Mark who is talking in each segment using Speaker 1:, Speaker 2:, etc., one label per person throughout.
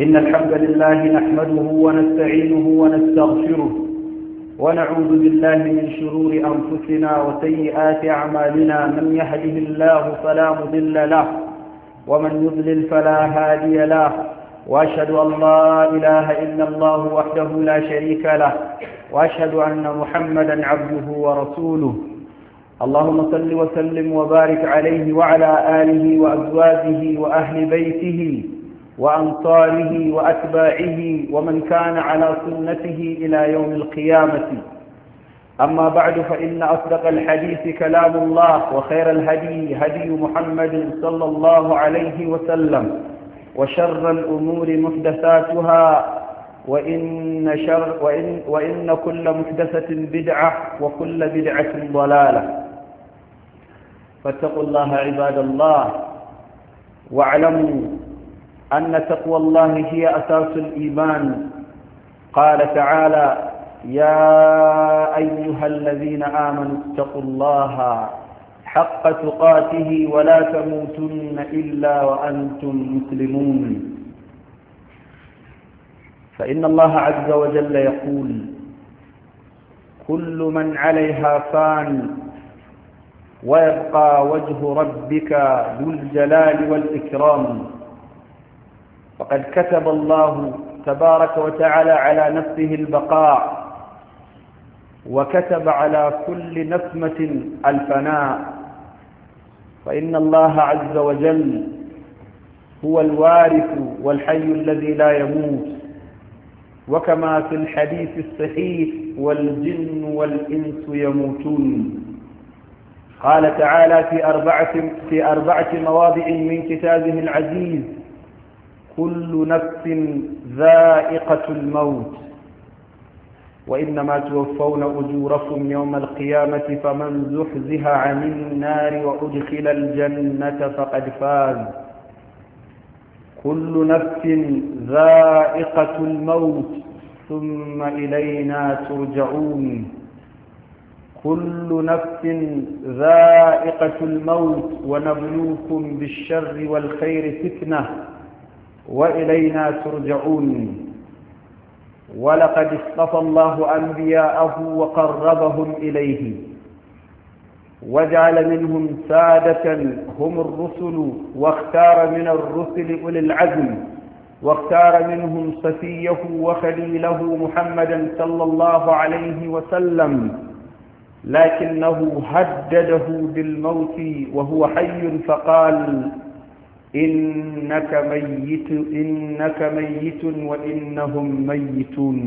Speaker 1: إن الحمد لله نحمده ونستعينه ونستغفره ونعوذ بالله من شرور أنفسنا وسيئات أعمالنا من يهده الله فلا مضل له ومن يضلل فلا هادي له وأشهد أن لا إله إلا الله وحده لا شريك له وأشهد أن محمدا عبده ورسوله اللهم صل وسلم وبارك عليه وعلى آله وأزواجه وأهل بيته وأنصاره وأتباعه ومن كان على سنته إلى يوم القيامة أما بعد فإن أصدق الحديث كلام الله وخير الهدي هدي محمد صلى الله عليه وسلم وشر الأمور محدثاتها وإن, شر وإن, وإن كل محدثة بدعة وكل بدعة ضلالة فاتقوا الله عباد الله واعلموا أن تقوى الله هي أساس الإيمان قال تعالى يا أيها الذين آمنوا اتقوا الله حق تقاته ولا تموتن إلا وأنتم مسلمون فإن الله عز وجل يقول كل من عليها فان ويبقى وجه ربك ذو الجلال والإكرام فقد كتب الله تبارك وتعالى على نفسه البقاء وكتب على كل نسمة الفناء فإن الله عز وجل هو الوارث والحي الذي لا يموت وكما في الحديث الصحيح والجن والإنس يموتون قال تعالى في أربعة, في أربعة مواضع من كتابه العزيز كل نفس ذائقة الموت وإنما توفون أجوركم يوم القيامة فمن زحزها عن النار وأدخل الجنة فقد فاز كل نفس ذائقة الموت ثم إلينا ترجعون كل نفس ذائقة الموت ونبلوكم بالشر والخير فتنة وإلينا ترجعون ولقد اصطفى الله أنبياءه وقربهم إليه وجعل منهم سادة هم الرسل واختار من الرسل أولي العزم واختار منهم صفيه وخليله محمدا صلى الله عليه وسلم لكنه هدده بالموت وهو حي فقال إنك ميت إنك ميت وإنهم ميتون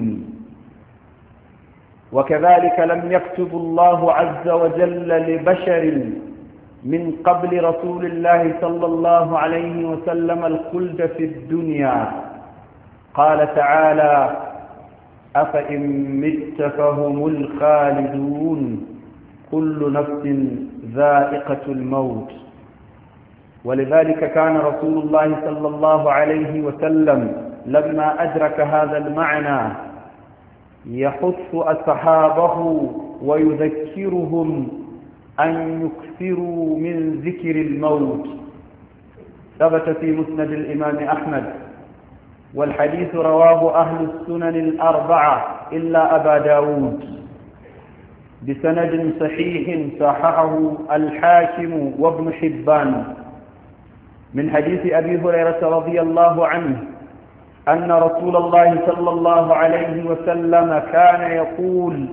Speaker 1: وكذلك لم يكتب الله عز وجل لبشر من قبل رسول الله صلى الله عليه وسلم الخلد في الدنيا قال تعالى أفإن مت فهم الخالدون كل نفس ذائقة الموت ولذلك كان رسول الله صلى الله عليه وسلم لما أدرك هذا المعنى يحث أصحابه ويذكرهم أن يكثروا من ذكر الموت ثبت في مسند الإمام أحمد والحديث رواه أهل السنن الأربعة إلا أبا داود بسند صحيح صححه الحاكم وابن حبان من حديث أبي هريرة رضي الله عنه أن رسول الله صلى الله عليه وسلم كان يقول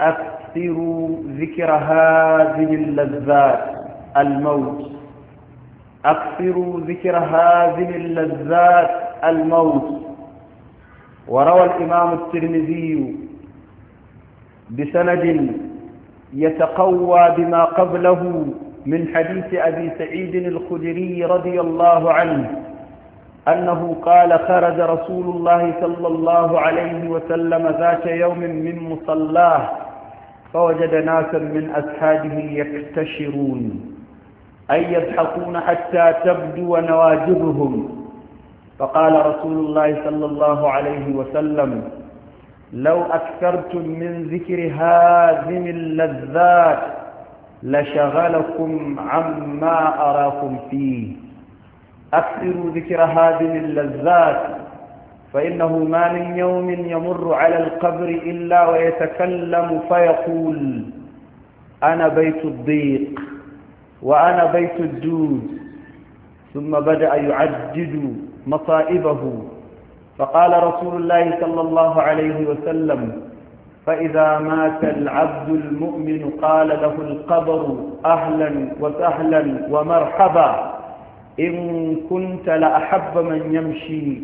Speaker 1: أكثروا ذكر هذه اللذات الموت أكثروا ذكر هذه اللذات الموت وروى الإمام الترمذي بسند يتقوى بما قبله من حديث أبي سعيد الخدري رضي الله عنه أنه قال خرج رسول الله صلى الله عليه وسلم ذات يوم من مصلاه فوجد ناسا من أسحاده يكتشرون أي يضحكون حتى تبدو نواجذهم فقال رسول الله صلى الله عليه وسلم لو أكثرتم من ذكر هذه اللذات لشغلكم عما أراكم فيه أكثروا ذكر هذه اللذات فإنه ما من يوم يمر على القبر إلا ويتكلم فيقول أنا بيت الضيق وأنا بيت الدود ثم بدأ يعجد مصائبه فقال رسول الله صلى الله عليه وسلم فإذا مات العبد المؤمن قال له القبر أهلا وسهلا ومرحبا إن كنت لأحب من يمشي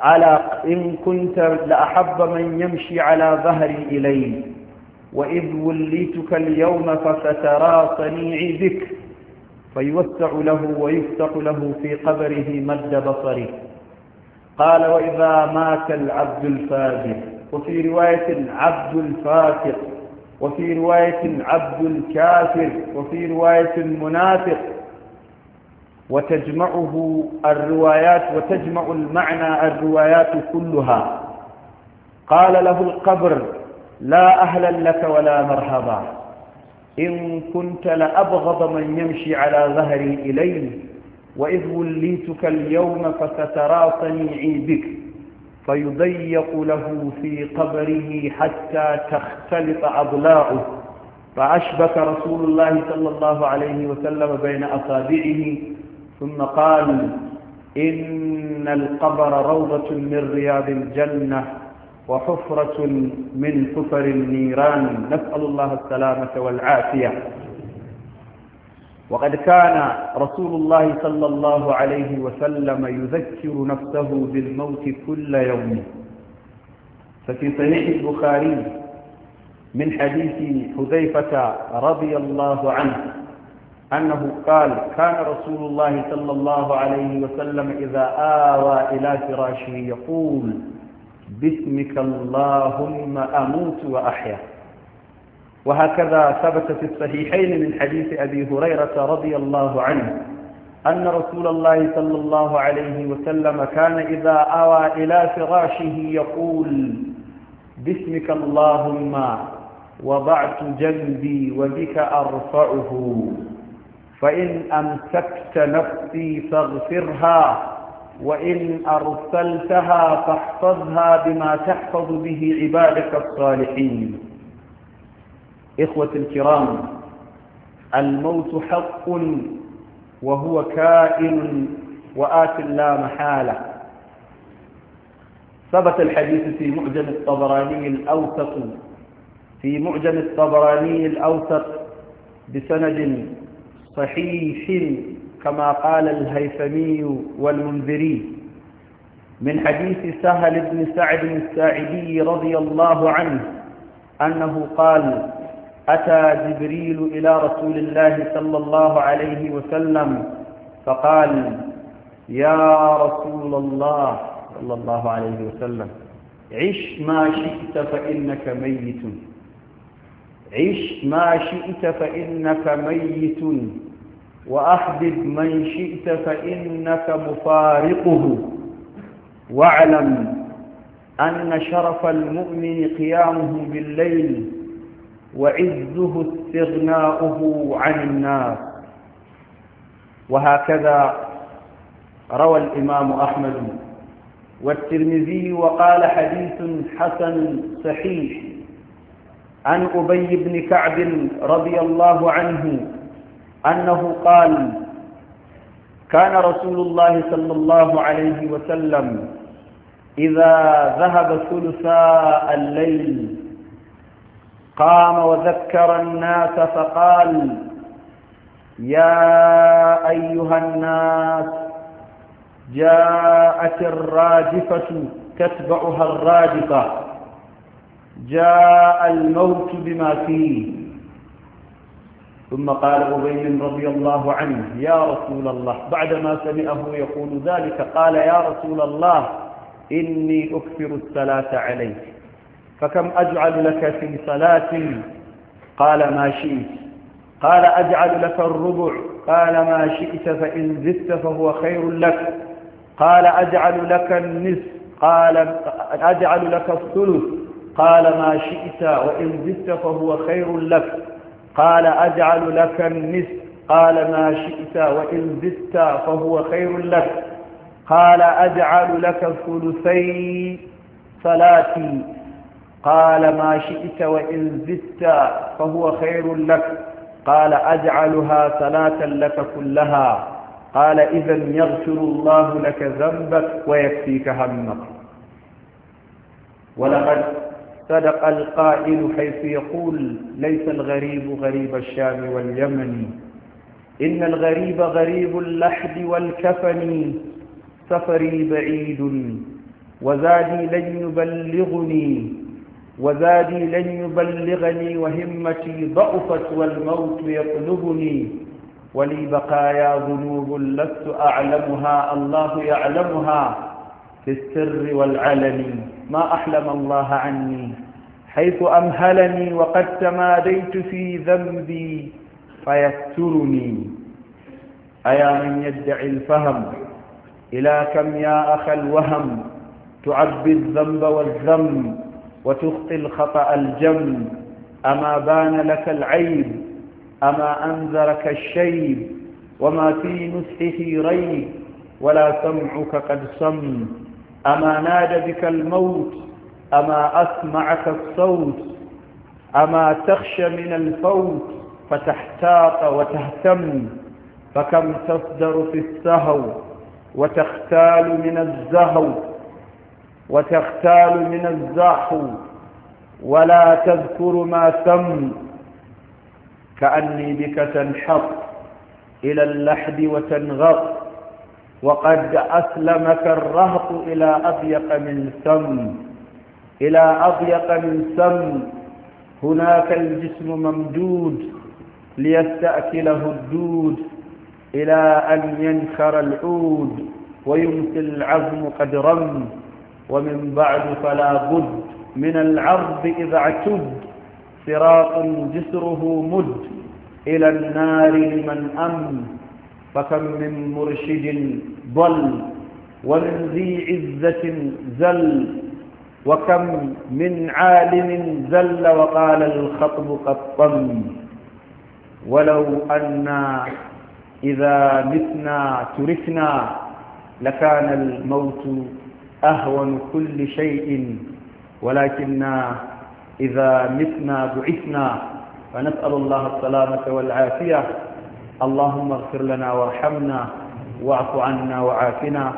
Speaker 1: على إن كنت لأحب من يمشي على ظهري إليه وإذ وليتك اليوم فسترى صنيعي بك فيوسع له ويفتح له في قبره مد بصره قال وإذا مات العبد الفاجر وفي رواية عبد الفاسق وفي رواية عبد الكافر وفي رواية منافق وتجمعه الروايات وتجمع المعنى الروايات كلها قال له القبر لا أهلا لك ولا مرحبا إن كنت لأبغض من يمشي على ظهري إليه وإذ وليتك اليوم فسترى صنيعي بك فيضيق له في قبره حتى تختلط أضلاعه فأشبك رسول الله صلى الله عليه وسلم بين أصابعه ثم قال إن القبر روضة من رياض الجنة وحفرة من حفر النيران نسأل الله السلامة والعافية وقد كان رسول الله صلى الله عليه وسلم يذكر نفسه بالموت كل يوم ففي صحيح البخاري من حديث حذيفة رضي الله عنه أنه قال كان رسول الله صلى الله عليه وسلم إذا آوى إلى فراشه يقول باسمك اللهم أموت وأحيا وهكذا ثبت في الصحيحين من حديث أبي هريرة رضي الله عنه أن رسول الله صلى الله عليه وسلم كان إذا أوى إلى فراشه يقول باسمك اللهم وضعت جنبي وبك أرفعه فإن أمسكت نفسي فاغفرها وإن أرسلتها فاحفظها بما تحفظ به عبادك الصالحين إخوة الكرام الموت حق وهو كائن وآت لا محالة ثبت الحديث في معجم الطبراني الأوسط في معجم الطبراني الأوسط بسند صحيح كما قال الهيثمي والمنذري من حديث سهل بن سعد الساعدي رضي الله عنه أنه قال أتى جبريل إلى رسول الله صلى الله عليه وسلم فقال يا رسول الله صلى الله عليه وسلم عش ما شئت فإنك ميت عش ما شئت فإنك ميت وأحبب من شئت فإنك مفارقه واعلم أن شرف المؤمن قيامه بالليل وعزه استغناؤه عن الناس وهكذا روى الإمام أحمد والترمذي وقال حديث حسن صحيح عن أبي بن كعب رضي الله عنه أنه قال كان رسول الله صلى الله عليه وسلم إذا ذهب ثلثاء الليل قام وذكر الناس فقال يا أيها الناس جاءت الراجفة تتبعها الراجفة جاء الموت بما فيه ثم قال أبي رضي الله عنه يا رسول الله بعدما سمعه يقول ذلك قال يا رسول الله إني أكثر الصلاة عليك فكم أجعل لك في صلاة قال ما شئت قال أجعل لك الربع قال ما شئت فإن زدت فهو خير لك قال أجعل لك النصف قال أجعل لك الثلث قال ما شئت وإن زدت فهو خير لك قال أجعل لك النصف قال ما شئت وإن زدت فهو خير لك قال أجعل لك الثلثين صلاتي قال ما شئت وإن زدت فهو خير لك قال أجعلها صلاة لك كلها قال إذا يغفر الله لك ذنبك ويكفيك همك ولقد صدق القائل حيث يقول ليس الغريب غريب الشام واليمن إن الغريب غريب اللحد والكفن سفري بعيد وزادي لن يبلغني وزادي لن يبلغني وهمتي ضعفت والموت يطلبني ولي بقايا ذنوب لست أعلمها الله يعلمها في السر والعلن ما أحلم الله عني حيث أمهلني وقد تماديت في ذنبي فيسترني أيا من يدعي الفهم إلى كم يا أخ الوهم تعبي الذنب والذنب وتخطي الخطأ الجم أما بان لك العيب أما أنذرك الشيب وما في نسحه ريب ولا سمعك قد صم أما ناد بك الموت أما أسمعك الصوت أما تخشى من الفوت فتحتاط وتهتم فكم تصدر في السهو وتختال من الزهو وتختال من الزحو ولا تذكر ما تم كأني بك تنحط إلى اللحد وتنغط وقد أسلمك الرهط إلى أضيق من سم إلى أضيق من سم هناك الجسم ممدود ليستأكله الدود إلى أن ينخر العود ويمسي العظم قد رم ومن بعد فلا بد من العرض إذا اعتد صراط جسره مد إلى النار لمن أمن فكم من مرشد ضل ومن ذي عزة زل وكم من عالم زل وقال الخطب قد طم ولو أنا إذا متنا تركنا لكان الموت أهون كل شيء ولكننا إذا متنا بعثنا فنسأل الله السلامة والعافية اللهم اغفر لنا وارحمنا واعف عنا وعافنا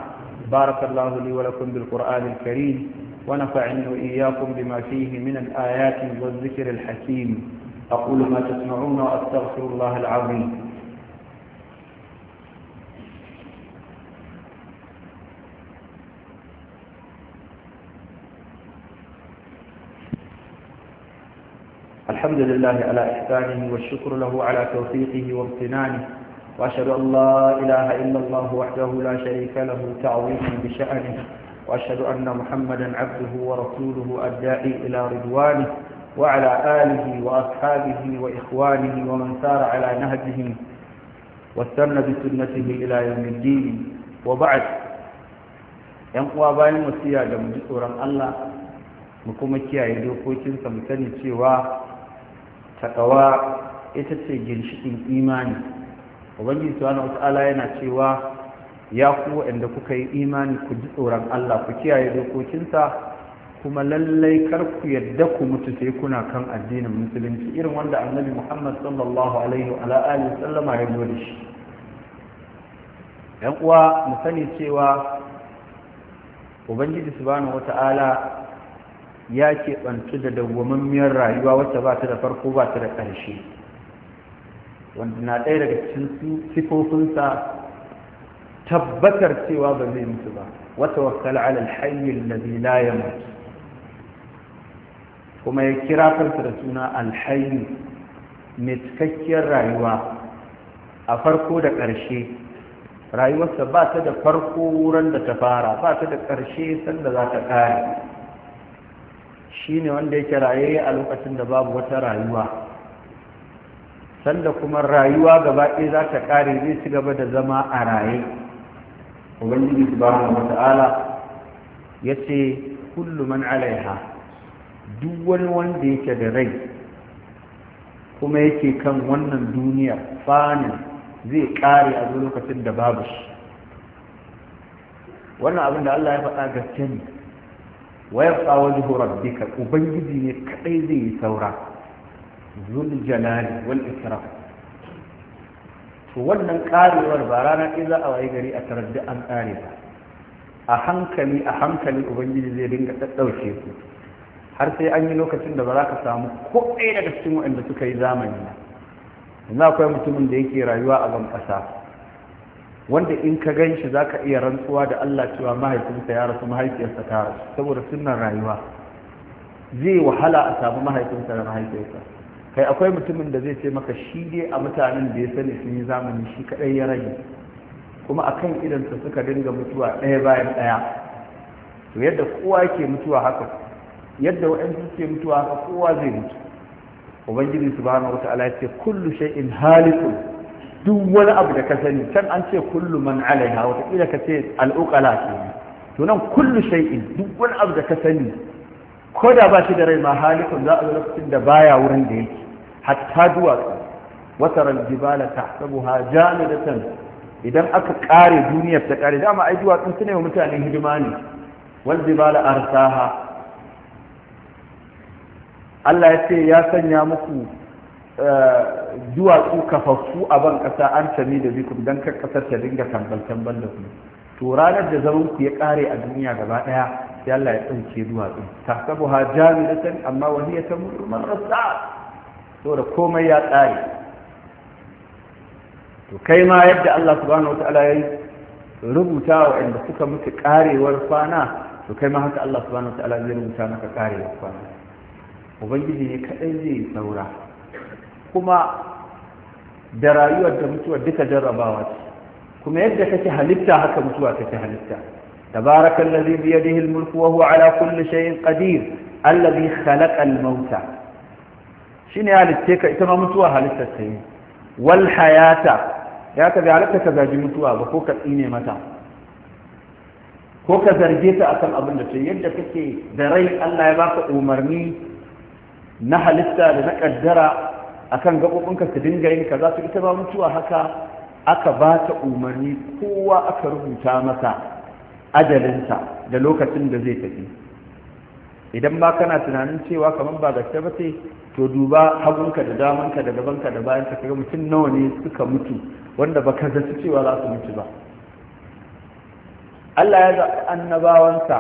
Speaker 1: بارك الله لي ولكم بالقرآن الكريم ونفعني وإياكم بما فيه من الآيات والذكر الحكيم أقول ما تسمعون وأستغفر الله العظيم الحمد لله على إحسانه والشكر له على توفيقه وامتنانه وأشهد أن لا إله إلا الله وحده لا شريك له تعظيما بشأنه وأشهد أن محمدا عبده ورسوله الداعي إلى رضوانه وعلى آله وأصحابه وإخوانه ومن سار على نهجهم واستنى بسنته إلى يوم الدين وبعد ينقوى باين وسيا دم الله mu kuma kiyaye dokokinsa mu sani cewa takawa ita ce ginshikin imani ubangiji subhanahu wata'ala yana cewa ya ku waɗanda kuka yi imani ku ji tsoron Allah ku kiyaye dokokinsa kuma lallai kar ku yadda ku mutu sai kuna kan addinin musulunci irin wanda annabi Muhammad sallallahu alaihi wa ala'ali sallama ya zo da shi yan uwa mu sani cewa ubangiji subhanahu ta'ala. ya keɓantu da dawwamammiyar rayuwa wacce ba ta da farko ba ta da ƙarshe wanda na ɗaya daga cikin sifofinsa tabbatar cewa ba zai mutu ba wata wakala alal hayyin da la ya kuma ya kira kansa da suna alhayu mai cikakkiyar rayuwa a farko da ƙarshe rayuwarsa ba ta da farko wurin da ta fara ba ta da ƙarshe sanda za ta ƙare shine wanda yake raye a lokacin da babu wata rayuwa sanda kuma rayuwa gaba ɗaya za ta ƙare zai ci gaba da zama a raye ubangiji subhanahu wata'ala ya ce kullu alaiha duk wani wanda yake da rai kuma yake kan wannan duniya fani zai ƙare a lokacin da babu shi wannan abin da Allah ya faɗa gaske ne ويبقى وجه ربك وبنجدي كأيدي ثورة wal الجلال To wannan karewar ba rana ɗaya za a wayi gari a tarar da an ƙare ba a hankali a hankali ubangiji zai dinga ɗaɗɗauke ku har sai an yi lokacin da ba za ka samu ko ɗaya daga cikin waɗanda suka yi zamani na yanzu akwai mutumin da yake rayuwa a ban ƙasa wanda in ka gan shi za ka iya rantsuwa da Allah cewa mahaifinsa ya rasu mahaifiyarsa ta rasu saboda sunan rayuwa zai wahala a samu mahaifinsa da mahaifiyarsa kai akwai mutumin da zai ce maka shi dai a mutanen da ya sani sun yi zamani shi kaɗai ya rage kuma a kan idansa suka dinga mutuwa ɗaya bayan ɗaya to yadda kowa yake mutuwa haka yadda waɗansu suke mutuwa haka kowa zai mutu ubangiji subhanahu Ta'ala ya ce kullu shay'in halikun duk wani abu da ka sani can an ce kullu man alaiha wataƙila ka ce al'uƙala ke to nan kullu shay'in duk wani abu da ka sani ko da ba shi da rai ma halikun za a lokacin da baya wurin da yake hatta duwatsu watar aljibala tahsabuha jamidatan idan aka kare duniyar ta kare dama ai duwatsun su ne wa mutanen hidima ne wal jibala arsaha Allah ya ce ya sanya muku duwatsu kafafu a ban ƙasa an sami da zikun don kan ƙasar ta dinga tambal-tambal da ku to ranar da zaman ku ya ƙare a duniya gaba ɗaya sai Allah ya ɗauke duwatsu ta sabu ha jami'atan amma wani ya samu rumar So da komai ya ƙare to kai ma yadda Allah subhanahu wa ta'ala ya rubuta wa inda suka mutu ƙarewar kwana to kai ma haka Allah subhanahu wa ta'ala zai rubuta maka ƙarewar kwana ubangiji ne kaɗai zai saura kuma da rayuwar da mutuwar duka jarrabawa ce kuma yadda kake halitta haka mutuwa kake halitta tabarakallazi bi yadihi almulku wa huwa ala kulli shay'in qadir allazi khalaqa almauta shine halitta ka ita ma mutuwa halitta ta yi wal hayata ya ka halitta ka gaji mutuwa ba ko ka tsine mata ko ka zarge ta akan abin da ta yadda kake da rai Allah ya baka umarni na halitta da na kaddara akan gabobinka su dinga yin kaza su ita ba mutuwa haka aka ba ta umarni kowa aka rubuta masa ajalinsa da lokacin da zai tafi idan ba kana tunanin cewa kamar ba gaske ba ce to duba hagunka da damanka da gabanka da bayanka kaga mutum nawa ne suka mutu wanda ba ka zaci cewa za su mutu ba Allah ya zaɓi annabawansa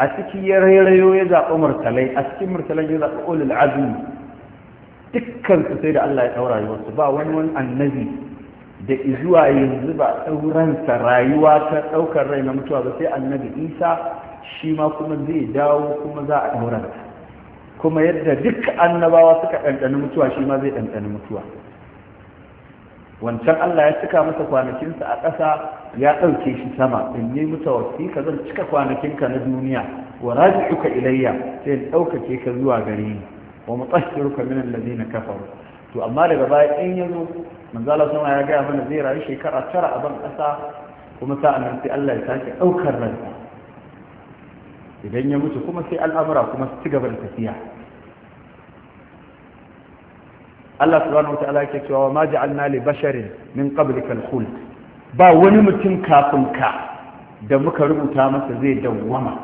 Speaker 1: a cikin ya ya zaɓi murtalai a cikin murtalai ya zaɓi ulul azumi dukkan sai da Allah ya daura rayuwarsu ba wani wani annabi da zuwa yanzu ba ɗauransa rayuwa ta ɗaukar rai na mutuwa ba sai annabi isa shi ma kuma zai dawo kuma za a ɗaura kuma yadda duk annabawa suka ɗanɗani mutuwa shi ma zai ɗanɗani mutuwa wancan Allah ya cika masa kwanakinsa a ƙasa ya ɗauke shi sama in yi muta ka zan cika kwanakinka na duniya wa raji'uka ilayya sai in ɗaukake ka zuwa gare ni wa mutahhiruka min alladhina kafaru to amma daga baya in yazo manzo Allah sama ya ga mana zai rayu shekara tara a ban kasa kuma sa'an sai Allah ya sake daukar ransa idan ya mutu kuma sai al'amura kuma su ci gaba da tafiya Allah subhanahu wata'ala yake cewa ma ja'alna li basharin min qablika al ba wani mutum kafin ka da muka rubuta masa zai dawwama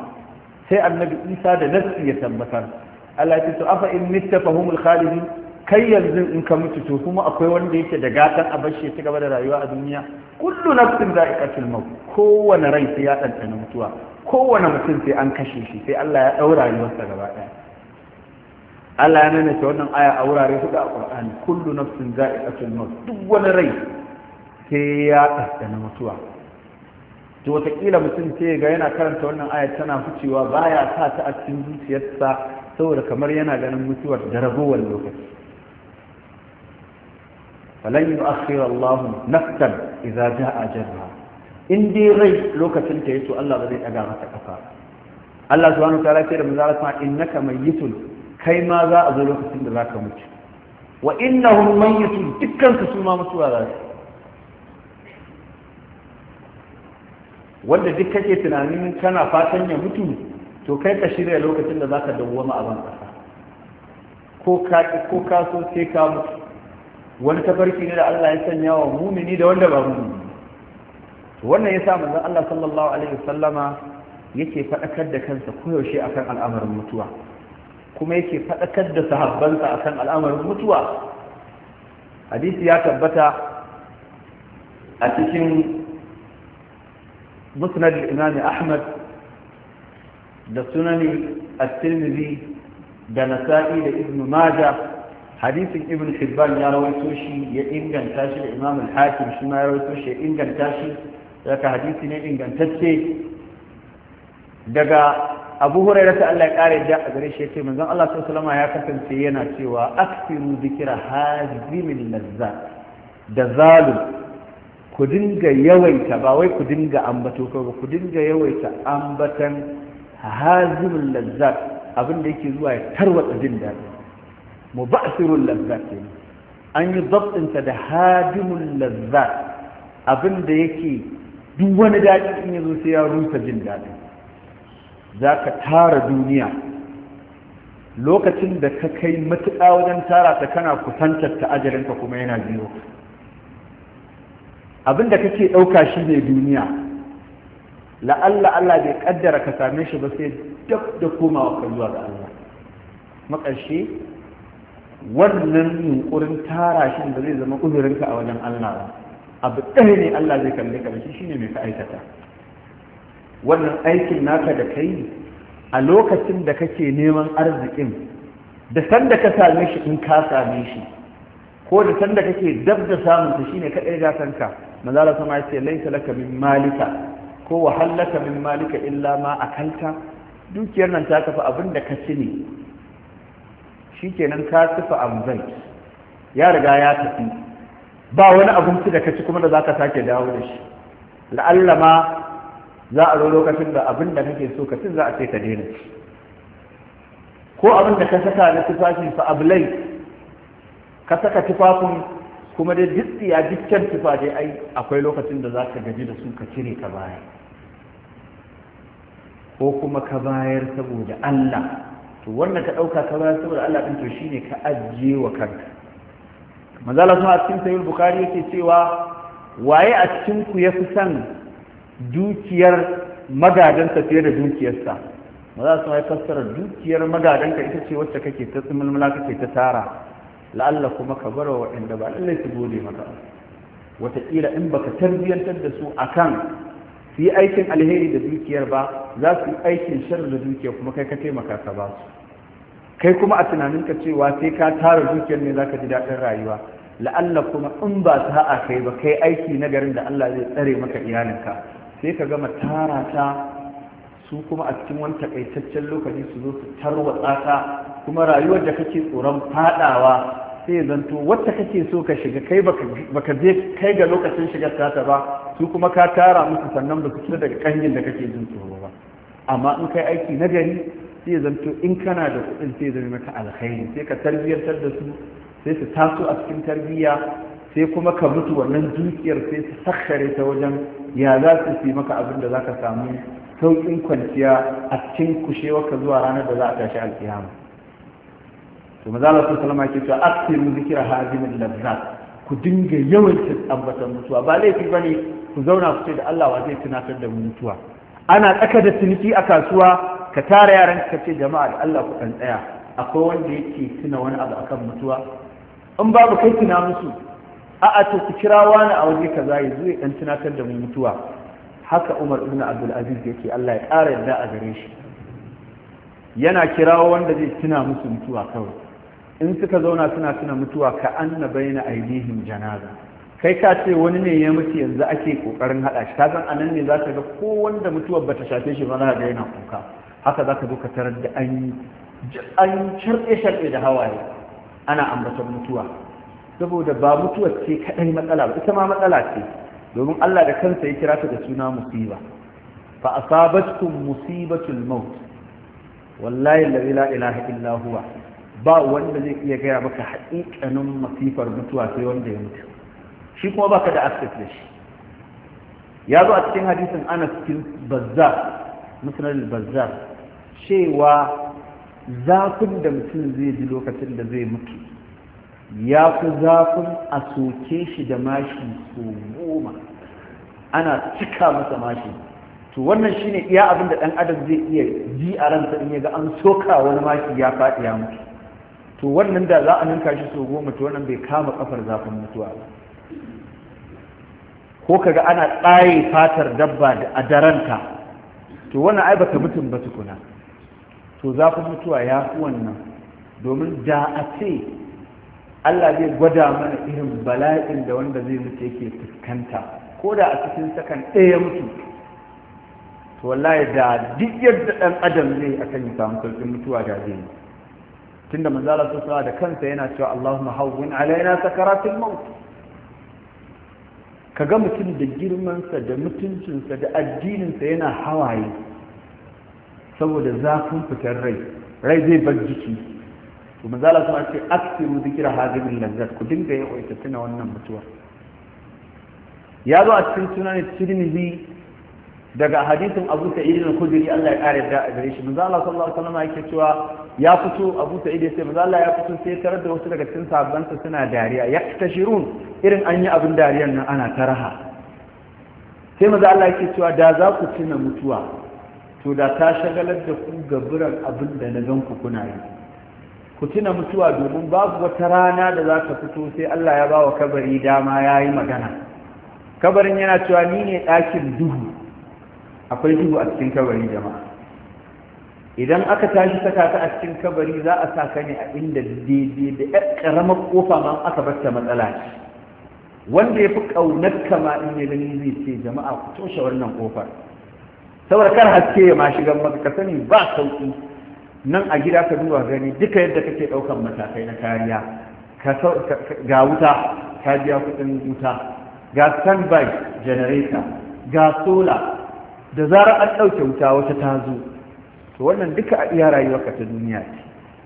Speaker 1: sai annabi Isa da nafsi ya tabbatar Allah ya ce to afa in mitta fahumul khalidin kai yanzu in ka mutu to kuma akwai wanda yake da gatan a bashi ta gaba da rayuwa a duniya kullu nafsin za'iqatul maut kowane rai sai ya ɗanɗana mutuwa kowane mutum sai an kashe shi sai Allah ya daura rayuwarsa gaba daya Allah ya nana wannan aya a wurare hudu a Qur'ani kullu nafsin za'iqatul maut duk wani rai sai ya ɗanɗana mutuwa to wataƙila mutum sai ga yana karanta wannan aya tana ficewa baya sa ta a cikin zuciyarsa saboda kamar yana ganin mutuwar da ragowar lokaci falan yi akhira Allah naftan idza jaa jarra. in dai rai lokacin ta yato Allah zai daga mata kafa Allah subhanahu wataala sai da manzara sa innaka mayyitun kai ma za a zo lokacin da zaka mutu wa innahum mayyitun dukkan su su ma mutuwa za su wanda duk kake tunanin kana fatan ya mutu to kai ka shirya lokacin da za ka dawwama a ban ƙasa ko ka so sai ka mutu wani tafarki ne da Allah ya sanya wa mumini da wanda ba mumini wannan ya sa manzon Allah sallallahu alaihi wasallama yake faɗakar da kansa koyaushe akan al'amarin mutuwa kuma yake faɗakar da sahabbansa akan al'amarin mutuwa hadisi ya tabbata a cikin musnad imam Ahmad da sunani at-tirmidhi da nasa'i da ibn majah hadisin ibn hibban ya rawaito shi ya inganta shi da imam al-hakim shi ma ya rawaito shi ya inganta shi daga hadisi ne ingantacce daga abu hurairah ta Allah ya kare da a gare shi yace manzon Allah sallallahu alaihi ya kasance yana cewa aksiru zikira hazimil lazza da zalu ku dinga yawaita ba wai ku dinga ambato ku dinga yawaita ambatan hazimul lazzat abin da yake zuwa ya tarwata jin daɗi mubasirul lazzat kenan an yi dabtinta da hadimul lazzat abin da yake duk wani daɗi in yazo sai ya rusa jin daɗi za ka tara duniya lokacin da ka kai matuƙa wajen tara ta kana kusantar ta ajalinka kuma yana biyo abin da kake ɗauka shi ne duniya la'alla Allah bai kaddara ka same shi ba sai duk da komawa ka zuwa ga Allah makarshe wannan yunkurin tara shi da zai zama uzurinka a wajen Allah ba abu ɗaya ne Allah zai kalli ka shi shine mai ka aikata wannan aikin naka da kai a lokacin da kake neman arzikin da sanda ka same shi in ka same shi ko da sanda kake dab da samun shi shine kaɗai ga kanka manzala sama ya ce laisa laka min malika ko wahallaka min malika illa ma akalta dukiyar nan ta tafi abin da ka ci ne shikenan ka tafi amzai ya riga ya tafi ba wani abinci da ka ci kuma da zaka sake dawo da shi la'alla ma za a zo lokacin da abin da kake so ka ci za a ce ka daina ci ko abin da ka saka na tufafi fa ablai ka saka tufafin kuma da ditsiya can tufa dai ai akwai lokacin da za ka gaji da su ka cire ka bayar ko kuma ka bayar saboda Allah to wannan ka ɗauka ka bayar saboda Allah ɗin to shine ka ajiye wa kanka manzala sun a cikin sayin bukari yake cewa waye a cikin ku ya fi san dukiyar magadansa fiye da dukiyarsa maza su ya fassara dukiyar magadanka ita ce wacce kake ta tsimulmula kake ta tara la'alla kuma ka bar wa inda ba lallai su gode maka wataƙila in baka tarbiyyantar da su akan su yi aikin alheri da dukiyar ba za su yi aikin shar da dukiyar kuma kai ka taimaka ka ba kai kuma a tunanin tunaninka cewa sai ka tara dukiyar ne zaka ji daɗin rayuwa la'alla kuma in ba ha'a kai ba kai aiki na garin da Allah zai tsare maka iyalinka sai ka gama tara ta su kuma a cikin wani takaitaccen lokaci su zo su tarwatsa ka kuma rayuwar da kake tsoron fadawa sai zanto wacce kake so ka shiga kai baka je kai ga lokacin shigar tata ba su kuma ka tara musu sannan ba su fita daga kanyin da kake jin tsoro ba amma in kai aiki na gari sai zanto in kana da kuɗin sai zai maka alkhairi sai ka tarbiyyantar da su sai su taso a cikin tarbiyya sai kuma ka mutu wannan dukiyar sai su sakkare ta wajen ya za su fi maka abin da za ka samu sauƙin kwanciya a cikin kushewa ka zuwa ranar da za a tashi alkiyama to maza Allah sallallahu alaihi wasallam yake mu zikira zikra lazzat ku dinga yawaita ambatan mutuwa ba laifi ba ne ku zauna ku ce da Allah wa zai tunatar da mutuwa ana tsaka da ciniki a kasuwa ka tara yaran ka ce jama'a da Allah ku dan tsaya akwai wanda yake tuna wani abu akan mutuwa in babu kai tuna musu a'a to ku kira wani a waje kaza ya zo ya dan tunatar da mu mutuwa haka Umar ibn Abdul Aziz yake Allah ya ƙara yarda a gare shi yana kirawo wanda zai tuna musu mutuwa kawai in suka zauna suna tuna mutuwa ka anna baina ainihin janaza kai ka ce wani ne ya mutu yanzu ake kokarin hada shi kasan anan ne zaka ga ko wanda mutuwar bata shafe shi ba za ga yana kuka haka zaka zo ka tarar da an an sharɗe sharɗe da hawaye ana ambaton mutuwa saboda ba mutuwar ce kadai matsala ba ita ma matsala ce domin Allah da kansa ya kira ta da suna musiba fa asabatkum musibatul maut wallahi la ilaha illa huwa ba wanda zai iya gaya maka haƙiƙanin masifar mutuwa sai wanda ya mutu shi kuma baka da access da shi ya zo a cikin hadisin ana cikin bazzar musnad bazzar cewa zafin da mutum zai ji lokacin da zai mutu ya fi zafin a soke shi da mashi so goma ana cika masa mashi to wannan shine iya abin da ɗan adam zai iya ji a ransa in ya ga an soka wani mashi ya faɗi ya mutu to wannan da za a ninka shi so goma to wannan bai kama kafar zafin mutuwa ba ko kaga ana tsaye fatar dabba da a daranta to wannan ai baka mutum ba tukuna to zafin mutuwa ya fi wannan domin da a ce Allah zai gwada mana irin bala'in da wanda zai mutu yake fuskanta ko da a cikin sakan ɗaya mutu to wallahi da duk yadda ɗan adam zai akan ya samu sauƙin mutuwa da zai yi tunda manzala sallallahu da kansa yana cewa Allahumma hawwin alaina sakaratul maut kaga mutum da girmansa da mutuncinsa da addininsa yana hawaye saboda zafin fitar rai rai zai bar jiki to manzala sallallahu ce aksiru dhikra hadhihi lazzat ku dinga yawaita tuna wannan mutuwa ya zo a cikin sunan tirmidhi daga hadisin Abu Sa'id al-Khudri Allah ya kare da gare shi manzo Allah sallallahu alaihi wasallam yake cewa ya fito Abu Sa'id sai manzo Allah ya fito sai tarar da wasu daga cikin sahabbansa suna dariya yaktashirun irin an yi abin dariyar nan ana taraha sai manzo Allah yake cewa da za ku tuna mutuwa to da ta shagalar da ku gaburan abin da na gan ku kuna yi ku tuna mutuwa domin babu wata rana da za ka fito sai Allah ya ba wa kabari dama ya yi magana kabarin yana cewa ni ne ɗakin duhu akwai duhu a cikin kabari jama'a idan aka tashi saka ta a cikin kabari za a sa ka ne a inda daidai da ƴar ƙaramar ƙofa ma aka bata matsala ce wanda ya fi ƙaunar kama in ya gani zai ce jama'a ku toshe wannan ƙofar saboda kar haske ya ma shiga, maka ka sani ba sauƙi nan a gida ka duba gani duka yadda kake ɗaukan matakai na kariya ga wuta ka biya kuɗin wuta ga standby janareta, ga sola. da zarar an ɗauke wuta wata ta zo to wannan duka a iya rayuwarka ta duniya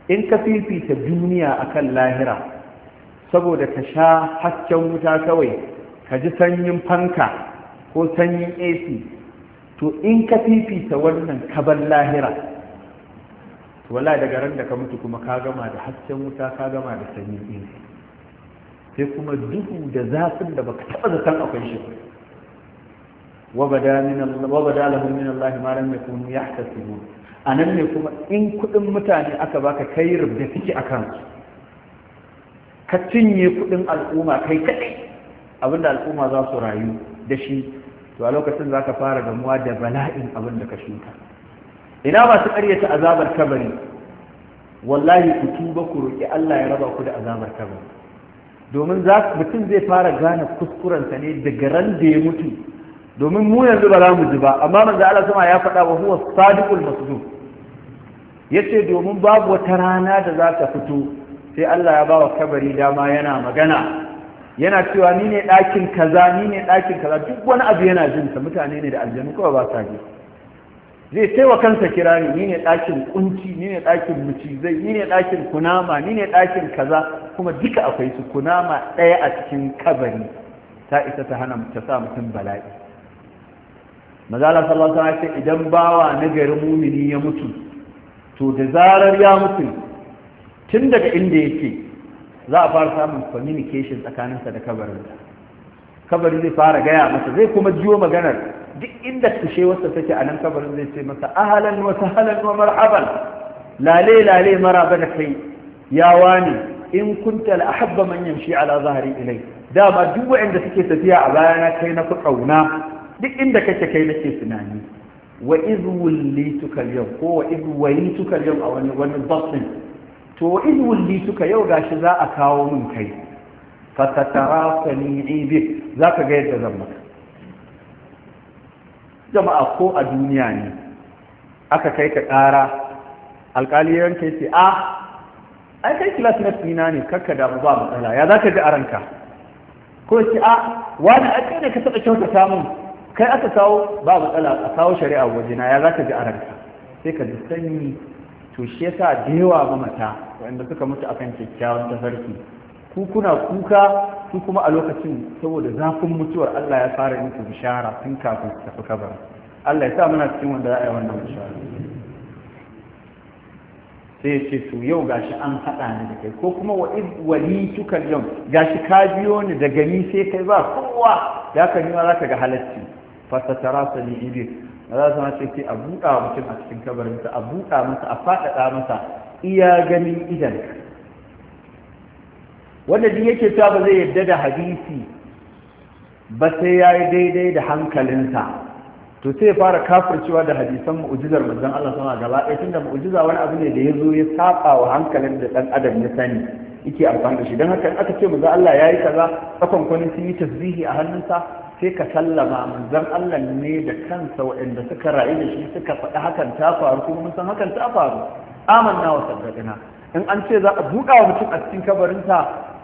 Speaker 1: ce in ka fifita duniya a kan lahira saboda ka sha hasken wuta kawai ka ji sanyin fanka ko sanyin ac to in ka fifita wannan kaban lahira to wala daga ran da ka mutu kuma ka gama da hasken wuta ka gama da sanyin ac sai kuma duhu da zafin da baka taɓa zaton akwai shi ba وبدا من وبدا لهم من الله ما لم anan ne kuma in kudin mutane aka baka kai rubda take akan ka cinye kudin al'umma kai kadai abinda al'umma za su rayu da shi to a lokacin za ka fara gamuwa da bala'in abin da ka shuka ina masu karyata azabar kabari wallahi ku tuba ku roƙi Allah ya raba ku da azabar kabari domin mutum zai fara gane kuskurensa ne daga ran da ya mutu domin mu yanzu ba za mu ji ba amma manzo Allah sama ya faɗa wa huwa sadiqul masduq yace domin babu wata rana da za ta fito sai Allah ya bawa kabari dama yana magana yana cewa ni ne ɗakin kaza ni ne ɗakin kaza duk wani abu yana jin sa mutane ne da aljanu kawai ba sa ji zai sai wa kansa kirari ni ne ɗakin kunci ni ne ɗakin zai ni ne ɗakin kunama ni ne ɗakin kaza kuma duka akwai su kunama ɗaya a cikin kabari ta isa ta hana ta sa mutum bala'i mazala sallallahu alaihi wasallam idan bawa na garin mumini ya mutu to da zarar ya mutu tun daga inda yake za a fara samun communication tsakaninsa da kabarinsa kabari zai fara gaya masa zai kuma jiyo maganar duk inda kushewarsa take a nan kabarin zai ce masa ahalan wa sahalan wa marhaban lale lale maraba da kai ya wani in kunta la ahabba man yamshi ala zahri ilai dama duk wanda suke tafiya a bayana kai na ku kauna duk inda kake kai nake tunani wa iz wullitukal yau ko wa iz walitukal yau a wani wani boxing to wa iz wullituka yau gashi za a kawo min kai fa tatarafani ibi zaka ga yadda zan maka jama'a ko a duniya ne aka kai ka ƙara alƙali yanke ce a ah, ai kai kilas na tsina ne kakka da ba matsala ya za ka ji a ranka ko ce a ah, wani a kai ne ka taɓa kyauta samun kai aka kawo ba matsala a kawo shari'a wajena ya za ka ji a ranka sai ka ji sanyi to shi yasa da yawa mamata wanda suka mutu akan kyakkyawan tafarki ku kuna kuka su kuma a lokacin saboda zafin mutuwar Allah ya fara muku bishara tun kafin su tafi kabar Allah ya sa muna cikin wanda za a yi wannan bishara sai ce su yau gashi an haɗa ni da kai ko kuma wali tukar yau gashi ka biyo ni daga ni sai kai ba kowa da ka ma za ka ga halatti fasatara ni ibi za su ce sai a buɗa mutum a cikin kabarinsa a buɗa masa a faɗaɗa masa iya ganin idan wanda duk yake cewa ba zai yarda da hadisi ba sai ya yi daidai da hankalinsa to sai ya fara kafircewa da hadisan mu'ujizar manzon Allah sama gaba ɗaya tunda mu'ujiza wani abu ne da ya zo ya saba wa hankalin da ɗan adam ya sani yake amfani da shi don haka in aka ce manzon Allah ya yi kaza tsakon kwanin sun yi tasbihi a hannunsa sai ka sallama manzon Allah ne da kansa waɗanda suka rayu da shi suka faɗi hakan ta faru kuma mun san hakan ta faru amanna wa saddaqina in an ce za a buɗa wa mutum a cikin kabarinsa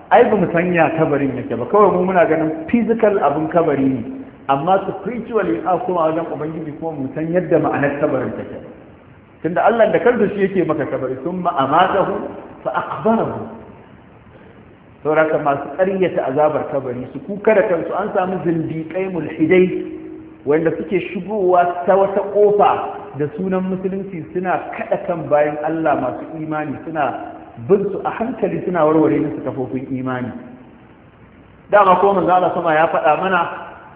Speaker 1: ai ba mu sanya kabarin yake ba kawai mu muna ganin physical abin kabari ne amma spiritually a kuma wajen ubangiji kuma mu san yadda ma'anar kabarin take tunda Allah da kansa shi yake maka kabari sun ma'amatahu fa aqbarahu sauraka masu ƙaryata azabar kabari su kuka da kansu an samu zindiƙai mulhidai wanda suke shigowa ta wata ƙofa da sunan musulunci suna kaɗa kan bayan Allah masu imani suna bin su a hankali suna warware musu kafofin imani dama ko manzo Allah sama ya faɗa mana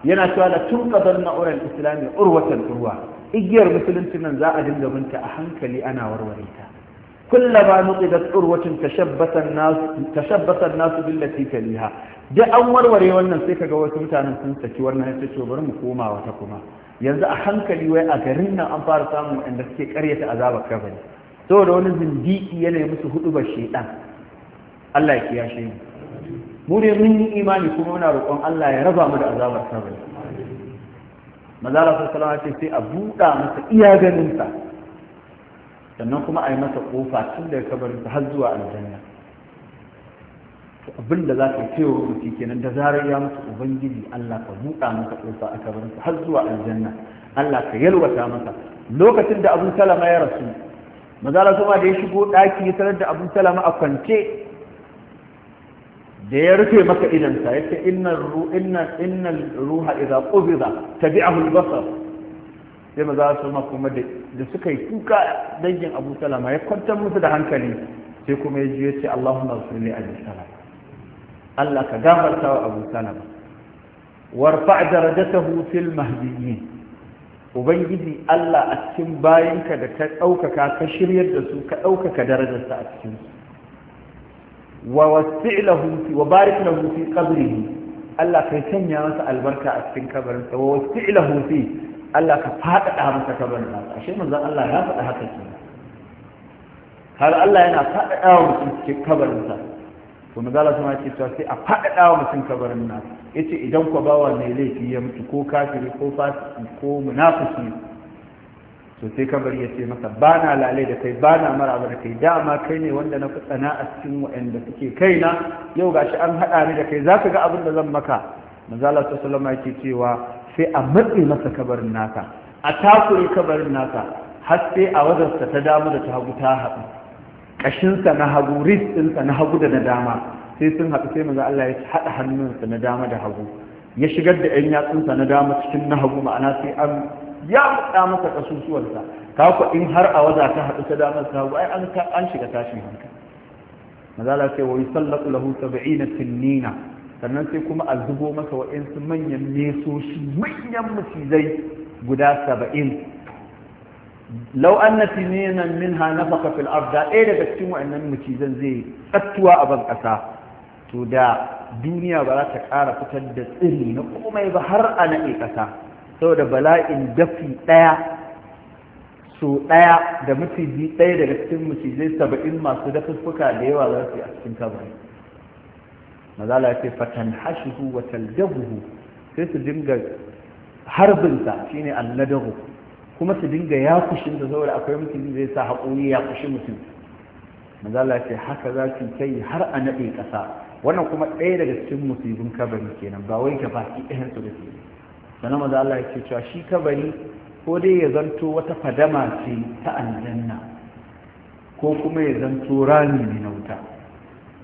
Speaker 1: yana cewa la tunqadanna na'urar islami urwatan urwa igiyar musulunci nan za a dinga binta a hankali ana warware ta kullama nuqidat urwatun tashabbata an-nas tashabbata an-nas billati taliha da an warware wannan sai kaga wasu mutanen sun saki wannan ya ce bari mu koma wata kuma yanzu a hankali wai a garin nan an fara samun wanda suke karyata azabar kabari saboda wani zindiki yana musu hudu ba shedan Allah ya kiyashe mu mu ne mun yi imani kuma muna roƙon Allah ya raba mu da azabar kabari mazala sallallahu alaihi wasallam sai a buɗa masa iya ganin sa sannan kuma a yi masa kofa tun daga kabarin har zuwa aljanna abin da za ka ce wa mutu kenan da zarar ya mutu ubangiji Allah ka buɗa masa kofa a kabarin har zuwa aljanna Allah ka yalwata masa lokacin da abun salama ya rasu mazala kuma da ya shigo ɗaki ya sanar da abun salama a kwance da ya rufe maka idansa ya ce innan ruha idza qubida tabi'ahu al-basar sai maza su ma kuma da suka yi kuka dangin abu salama ya kwantar musu da hankali sai kuma ya ji ya ce allahumma salli abu salama allah ka gafarta wa abu salama warfa darajatahu hutun mahdiyyin ubangiji allah a cikin bayanka da ka ɗaukaka ka shiryar da su ka ɗaukaka darajarsa a cikin su wa wasi'lahu fi wa barik lahu fi qabrihi allah kai sanya masa albarka a cikin kabarinsa wa wasi'lahu fi Allah ka faɗaɗa masa kabarin nasa ashe manzon Allah ya faɗa haka ke har Allah yana faɗaɗa wa mutum cikin kabarin sa to manzala sun ce cewa sai a faɗaɗa wa mutum kabarin nasa yace idan ku bawa mai laifi ya mutu ko kafiri ko fasiki ko munafiki to sai kabari ya ce masa ba na lalai da kai ba na maraba da kai dama kai ne wanda na fi tsana a cikin waɗanda suke kaina yau gashi an haɗa ni da kai za ka ga abin da zan maka manzala sallallahu alaihi wasallam yake cewa sai a matse masa kabarin naka a takure kabarin naka har sai a wajensa ta dama da ta hagu ta haɗu ƙashinsa na hagu ris ɗinsa na hagu da na dama sai sun haɗu sai maza Allah ya haɗa hannunsa na dama da hagu ya shigar da ‘yan yatsunsa na dama cikin na hagu ma'ana sai an ya ɗa masa ƙasusuwansa ka ku in har a waza ta haɗu ta dama ta hagu ai an shiga tashin hankali maza Allah sai wa yusallatu lahu sab'ina tinnina sannan sai kuma a zubo masa wa'insu manyan mesoshi manyan macizai guda saba'in lau an na tininan min ha na faka fil arda ɗaya daga cikin wa'annan macizan zai tsattuwa a ban to da duniya ba za ta ƙara fitar da tsiri na komai ba har a na ƙasa saboda bala'in dafi ɗaya so ɗaya da maciji ɗaya daga cikin macizai saba'in masu dafuffuka da yawa za su yi a cikin kabari mazala ya ce fatan hashihu wa taljabuhu sai su dinga harbinsa shine alladahu kuma su dinga ya kushin da saboda akwai mutum zai sa haƙuri ya kushi mutum mazala ya ce haka za su kai har a naɗe ƙasa wannan kuma ɗaya daga cikin musibin kabari kenan ba wai baki ɗayan su da su sannan mazala ya ce cewa shi kabari ko dai ya zanto wata fadama ce ta aljanna ko kuma ya zanto rami ne na wuta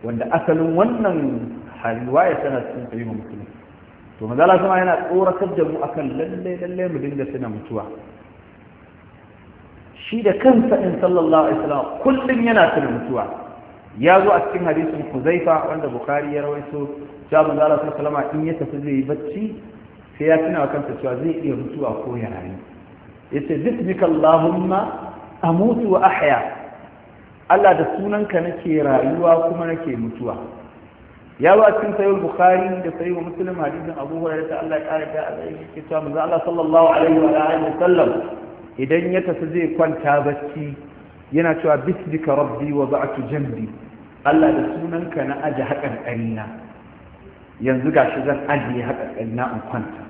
Speaker 1: wanda asalin wannan riwaya tana cikin wa muslim to manzala sama yana tsoratar da mu akan lalle lalle mu dinga suna mutuwa shi da kansa in sallallahu alaihi wasallam kullum yana suna mutuwa ya zo a cikin hadisin Huzaifa wanda Bukari ya rawaito cewa manzo Allah sallallahu in ya tafi zai yi bacci sai ya tuna kansa cewa zai iya mutuwa ko ya rayu yace bismika allahumma amutu wa ahya Allah da sunanka nake rayuwa kuma nake mutuwa ya ba a cikin sayyid bukhari da wa musulun hadisin abubuwa da ta Allah ya kare ta Allah ya ce cewa manzo Allah sallallahu alaihi wa alihi wasallam idan ya tafi zai kwanta bacci yana cewa bisbika rabbi wa ba'tu jambi Allah da sunanka na aje hakan ƙarina yanzu gashi zan ajiye hakan ƙarina in kwanta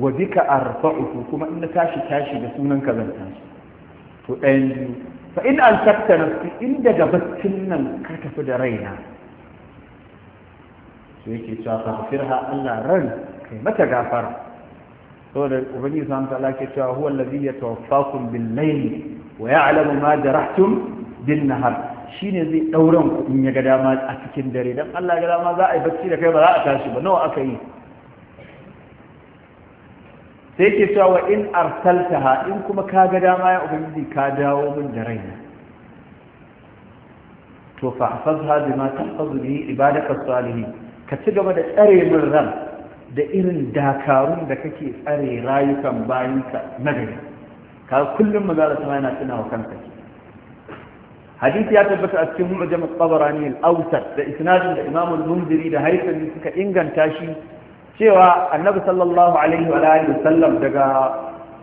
Speaker 1: wa bika arfa'uhu kuma in na tashi tashi da sunanka zan tashi to ɗayan biyu fa in an sakta nafsi in daga baccin nan ka tafi da raina to yake cewa faghfirha Allah ran kai mata gafara saboda ubangiji subhanahu ta'ala ke cewa huwa allazi yatawaffakum bil layli wa ya'lamu ma jarahtum bin nahar shine zai dauran ku in ya ga dama a cikin dare dan Allah ga dama za a yi bacci da kai ba za a tashi ba nawa aka yi sai ke cewa wa in arsaltaha in kuma ka ga dama ya ubangiji ka dawo min da raina to fa hafazha bima tahfazu bihi ibadaka salihin ka ci gaba da tsare min ran da irin dakarun da kake tsare rayukan bayinka na gari ka kullum maza da yana tuna wa kanka hadith ya tabbata a cikin mu'jam at-tabarani al-awsat da isnadin da imam al-munziri da haythami suka inganta shi cewa annabi sallallahu alaihi wa alihi sallam daga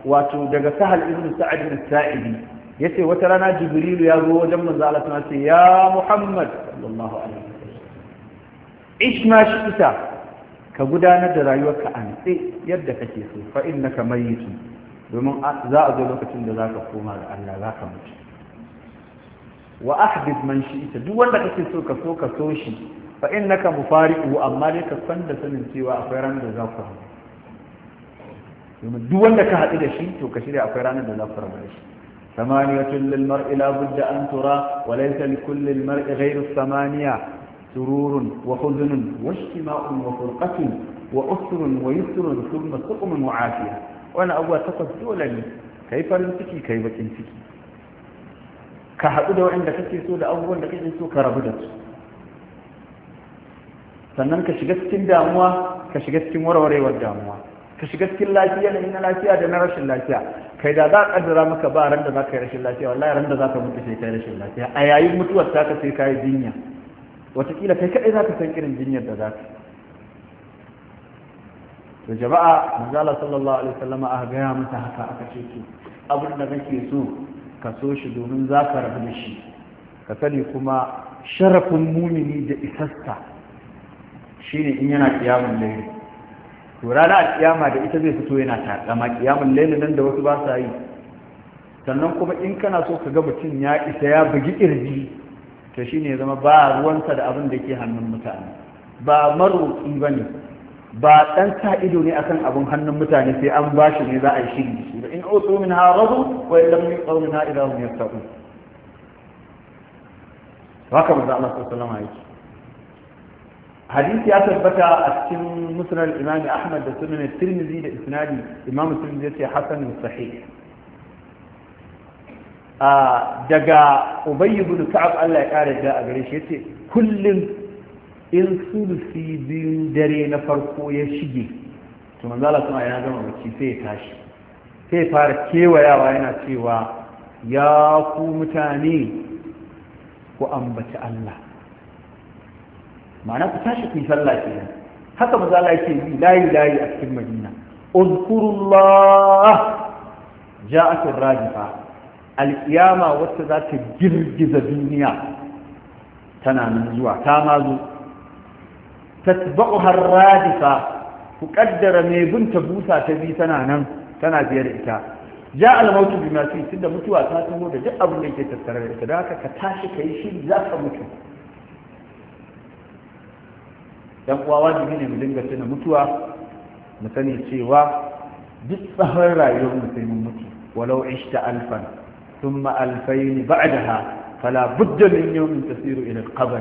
Speaker 1: wato daga sahal ibn sa'id al-sa'idi yace wata rana jibrilu ya zo wajen manzo Allah sai ya muhammad sallallahu alaihi ish shi ita ka gudanar da rayuwarka a nitse yadda kake so fa innaka mayyitun domin za a zo lokacin da zaka koma ga Allah zaka mutu wa ahdith man shi ita duk wanda kake so ka so ka so shi fa innaka mufariqu amma dai ka san da sanin cewa akwai ranar da za ku haɗu domin duk wanda ka haɗu da shi to ka shirya akwai ranar da za ku rabu da shi ثمانية للمرء لا بد أن ترى وليس لكل المرء غير الثمانية سرور وحزن واجتماع وفرقة وأسر ويسر ثم سقم وعافية وأنا أبوى تقف دولني كيف رمتكي كيف تنتكي كحدود وعند كتي سودة أول لكي سو كربدت sannan ka shiga cikin damuwa ka shiga cikin warwarewar damuwa ka shiga cikin lafiya na ina lafiya da na rashin lafiya kai da za a kaddara maka ba ran da za ka yi rashin lafiya wallahi ran da za ka mutu sai ka yi rashin lafiya a yayin mutuwar ta ka sai ka yi jinya watakila kai kaɗai za ka san irin jinyar da za ka to jama'a manzala sallallahu alaihi wasallama aka gaya mata haka aka ce ki abin da kake so ka so shi domin za ka rabu da shi ka sani kuma sharafin mumini da isasta shine in yana kiyamun laili to rana a kiyama da ita zai fito yana ta, takama kiyamun laili nan da wasu ba sa yi sannan kuma in kana so ka ga mutum ya isa ya bugi kirji to shi ya zama ba ruwansa da abin da ke hannun mutane ba maroƙi ba ne ba ɗan sa ido ne akan abin hannun mutane sai an ba shi ne za a yi shi ne ba in otu min ha razu wa in lam yuqaw min ha ila hum yastaqu haka manzo Allah sallallahu alaihi wasallam yake hadisi ya tabbata a cikin musnad imam Ahmad da sunan Tirmidhi da isnadi imam Tirmidhi yace hasan sahih daga ubayy Budu ka'ab Allah ya ƙara da a gare shi yace kullum in sulusi biyun dare na farko ya shige to manzo Allah kuma yana gama bacci sai ya tashi sai ya fara kewayawa yana cewa ya ku mutane ku ambaci Allah ma'ana ku tashi ku yi sallah nan haka maza Allah yake yi layi layi a cikin Madina uzkurullah ja'atul rajifa alƙiyama wacce za ta girgiza duniya tana nan zuwa ta ma zo har radisa. ku kaddara mai bunta busa ta bi tana nan tana biyar ita ja almautu bi masu tunda mutuwa ta taho da duk abin da ke tattara da ita da haka ka tashi ka yi shiri za ka mutu dan uwa wajibi ne mu dinga tuna mutuwa mu sani cewa duk tsawon rayuwar mu mutu, mutu walau ishta alfan ثم ألفين بعدها فلا بد من يوم تسير إلى القبر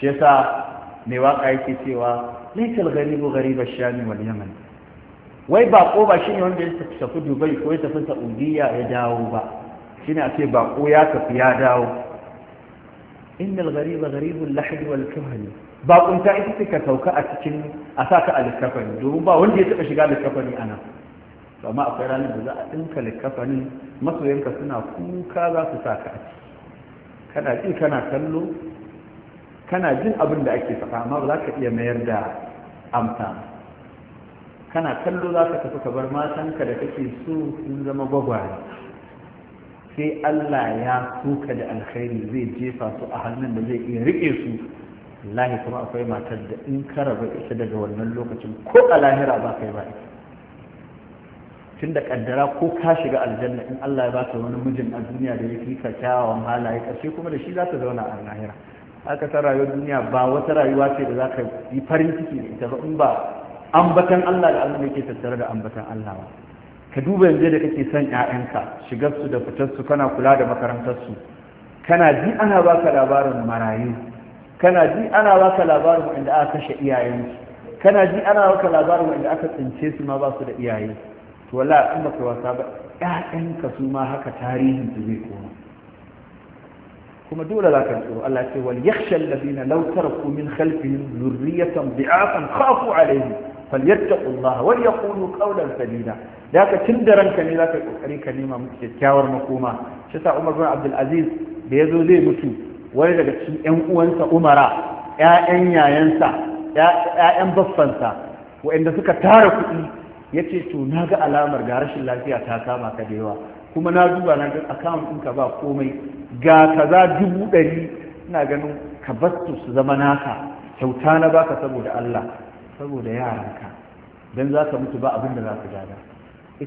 Speaker 1: شيسا نواق أيكي سوا ليس الغريب غريب الشام واليمن ويبا قوبا شيني وانجا يستفد دبي كويتا فنسا أوديا يداوبا شيني أكي باقويا كفيا داو إن الغريب غريب اللحد والكهن باقوا انتا إذا كتوكا أتكين أساك ألكفني دوبا وانجا يتبشي شقال الكفني أنا amma akwai ranar da za a ɗinka likafanin masoyanka suna kuka za su sa ka kana ji kana kallo kana jin abin da ake faɗa amma ba za ka iya mayar da amsa kana kallo za ka tafi ka bar matanka da kake so sun zama gwagware sai Allah ya suka da alkhairi zai jefa su a hannun da zai iya riƙe su lahi kuma akwai matar da in ka raba ita daga wannan lokacin ko a lahira ba kai ba ita tun da kaddara ko ka shiga aljanna in Allah ya baka wani mijin a duniya da ya fi ka kyawawan halaye ƙarshe kuma da shi za ta zauna a lahira aka san rayuwar duniya ba wata rayuwa ce da za ka yi farin ciki da ita ba in ba ambatan Allah da Allah yake tattare da ambatan Allah ba ka duba yanzu da kake son ƴaƴanka shigar su da fitar su kana kula da makarantar su kana ji ana baka labarin marayu kana ji ana baka labarin inda aka kashe iyayensu kana ji ana baka labarin inda aka tsince su ma ba su da iyaye to wallahi in baka wasa ba ƴaƴanka su ma haka tarihin su zai koma kuma dole za ka tsoro Allah ce wal yakhsha alladhina law taraku min khalfihim dhurriyatan dha'afan khafu alaihim falyattaqullaha wal yaqulu qawlan sadida da ka tun ranka ne za ka kokari ka nema musu kyakkyawar makoma shi sa Umar bin Abdul Aziz da yazo zai mutu wani daga cikin ƴan uwansa Umara ƴaƴan yayansa ƴaƴan baffansa waɗanda suka tara kuɗi ya ce to na ga alamar ga rashin lafiya ta kama ka da yawa kuma na duba na ga akawun ɗinka ba komai ga kaza dubu ɗari ina ganin ka bastu su zama naka kyauta na baka saboda Allah saboda yaranka dan za ka mutu ba abin da za ka gada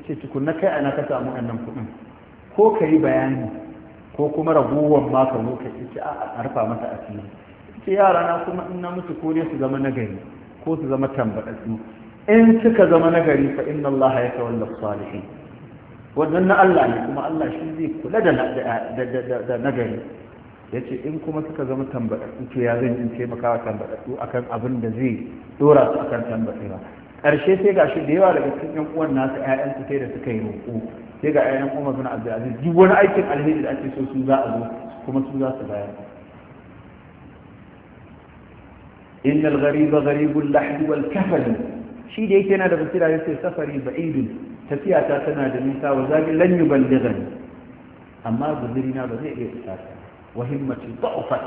Speaker 1: ce tukun na kai ana ka samu wannan kuɗin ko ka yi bayani ko kuma ragowar ma ka zo ka ce a harfa mata asiri ce yara na kuma in na mutu ko ne su zama nagari ko su zama tambaɗaɗɗu in suka zama nagari fa inna Allah ya tawalla salihin wannan na Allah ne kuma Allah shi zai kula da da nagari yace in kuma suka zama tambaɗaɗɗu to ya zan in taimakawa tambaɗaɗɗu akan abin da zai dora su akan tambaɗewa ƙarshe sai gashi da yawa daga cikin yan uwan nasu ƴaƴan su sai da suka yi roƙo sai ga ƴaƴan Umar bin Abdul Aziz duk wani aikin alheri da ake so su za a zo kuma su za su bayar إن الغريب غريب اللحد والكفل shi da yake yana da basira ya ce safari ba'idun tafiya ta tana da nisa wa zagi lan yuballighani amma guzurina ba zai iya isa ta wa himmati da'ufat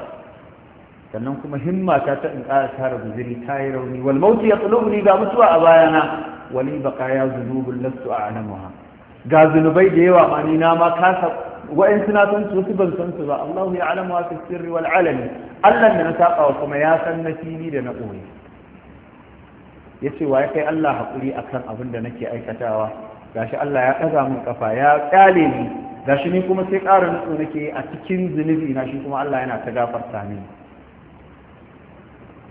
Speaker 1: sannan kuma himma ta ta in ƙara tara guzuri ta yi rauni wal mauti yatlubuni ga mutuwa a bayana wali baqaya dhunubun lastu a'lamuha ga zunubai da yawa ma ni na ma kasa wa'in suna san su su ban san su ba Allahu ya alamu wa sirri wal alami Allah da na saba wa kuma ya san na fili da na koyi ya ce wa ya kai Allah haƙuri a kan abin da nake aikatawa gashi Allah ya ɗaga min ƙafa ya ƙyale ni gashi ni kuma sai ƙara nutsu nake a cikin zunubi na shi kuma Allah yana ta gafarta ni